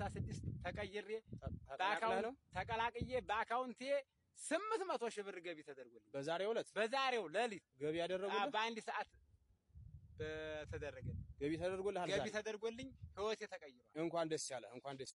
ሀምሳ ስድስት ተቀይሬ ተቀላቅዬ በአካውንቴ ስምንት መቶ ሺህ ብር ገቢ ተደርጎልኝ በዛሬው ዕለት በዛሬው ሌሊት ገቢ ያደረጉልህ በአንድ ሰዓት ተደረገልኝ። ገቢ ተደርጎልህ ገቢ ተደርጎልኝ ህይወቴ ተቀይሯል። እንኳን ደስ ያለህ። እንኳን ደስ